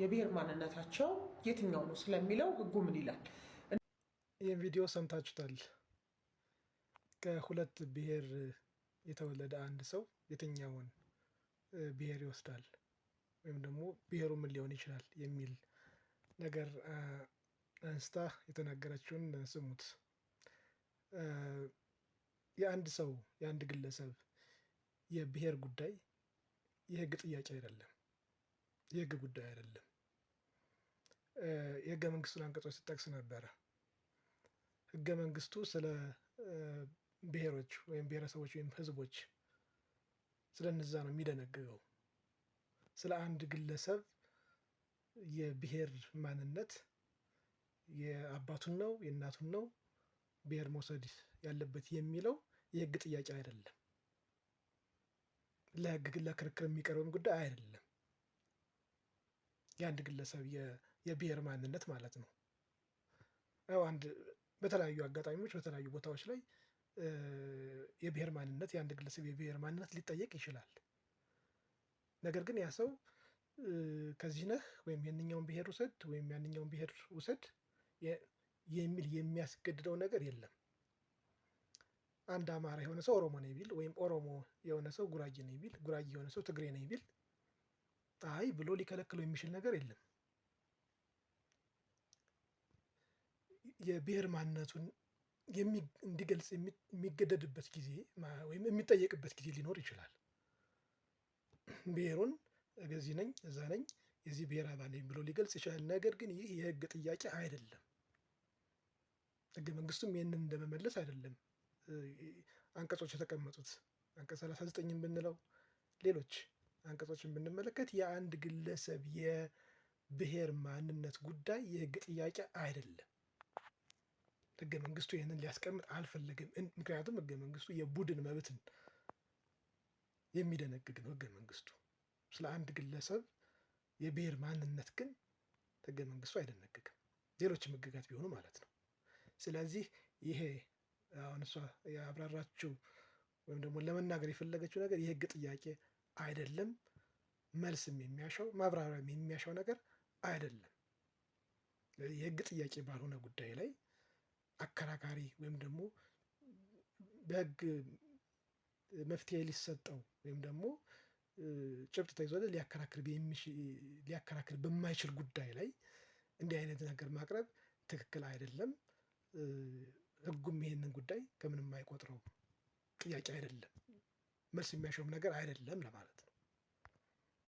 የብሔር ማንነታቸው የትኛው ነው ስለሚለው ህጉ ምን ይላል? ይህን ቪዲዮ ሰምታችሁታል። ከሁለት ብሔር የተወለደ አንድ ሰው የትኛውን ብሔር ይወስዳል ወይም ደግሞ ብሔሩ ምን ሊሆን ይችላል የሚል ነገር አንስታ የተናገረችውን ስሙት። የአንድ ሰው የአንድ ግለሰብ የብሔር ጉዳይ የህግ ጥያቄ አይደለም። የህግ ጉዳይ አይደለም። የህገ መንግስቱን አንቀጾች ስጠቅስ ነበረ። ህገ መንግስቱ ስለ ብሔሮች ወይም ብሔረሰቦች ወይም ህዝቦች ስለነዛ ነው የሚደነግገው። ስለ አንድ ግለሰብ የብሔር ማንነት የአባቱን ነው የእናቱን ነው ብሔር መውሰድ ያለበት የሚለው የህግ ጥያቄ አይደለም። ለህግ ለክርክር የሚቀርብም ጉዳይ አይደለም። የአንድ ግለሰብ የብሔር ማንነት ማለት ነው። ያው አንድ በተለያዩ አጋጣሚዎች በተለያዩ ቦታዎች ላይ የብሔር ማንነት የአንድ ግለሰብ የብሔር ማንነት ሊጠየቅ ይችላል። ነገር ግን ያ ሰው ከዚህ ነህ ወይም የንኛውን ብሔር ውሰድ ወይም ያንኛውን ብሔር ውሰድ የሚል የሚያስገድደው ነገር የለም። አንድ አማራ የሆነ ሰው ኦሮሞ ነኝ ቢል ወይም ኦሮሞ የሆነ ሰው ጉራጌ ነኝ ቢል ጉራጌ የሆነ ሰው ትግሬ ነኝ ቢል ፀሐይ ብሎ ሊከለክለው የሚችል ነገር የለም። የብሔር ማንነቱን እንዲገልጽ የሚገደድበት ጊዜ ወይም የሚጠየቅበት ጊዜ ሊኖር ይችላል። ብሔሩን እገዚህ ነኝ እዛ ነኝ የዚህ ብሔር አባል ነኝ ብሎ ሊገልጽ ይችላል። ነገር ግን ይህ የህግ ጥያቄ አይደለም። ህገ መንግስቱም ይህንን እንደመመለስ አይደለም አንቀጾች የተቀመጡት አንቀጽ ሰላሳ ዘጠኝም ብንለው ሌሎች አንቀጾችን ብንመለከት የአንድ ግለሰብ የብሔር ማንነት ጉዳይ የህግ ጥያቄ አይደለም። ህገ መንግስቱ ይህንን ሊያስቀምጥ አልፈለግም። ምክንያቱም ህገ መንግስቱ የቡድን መብትን የሚደነግግ ነው። ህገ መንግስቱ ስለ አንድ ግለሰብ የብሔር ማንነት ግን ህገ መንግስቱ አይደነግግም። ሌሎችም ህግጋት ቢሆኑ ማለት ነው። ስለዚህ ይሄ አሁን እሷ ያብራራችው ወይም ደግሞ ለመናገር የፈለገችው ነገር የህግ ጥያቄ አይደለም። መልስም የሚያሻው ማብራሪያም የሚያሻው ነገር አይደለም። የህግ ጥያቄ ባልሆነ ጉዳይ ላይ አከራካሪ ወይም ደግሞ በህግ መፍትሄ ሊሰጠው ወይም ደግሞ ጭብጥ ተይዞለት ሊያከራክር በማይችል ጉዳይ ላይ እንዲህ አይነት ነገር ማቅረብ ትክክል አይደለም። ህጉም ይሄንን ጉዳይ ከምንም አይቆጥረውም። ጥያቄ አይደለም። መልስ የሚያሸውም ነገር አይደለም ለማለት ነው።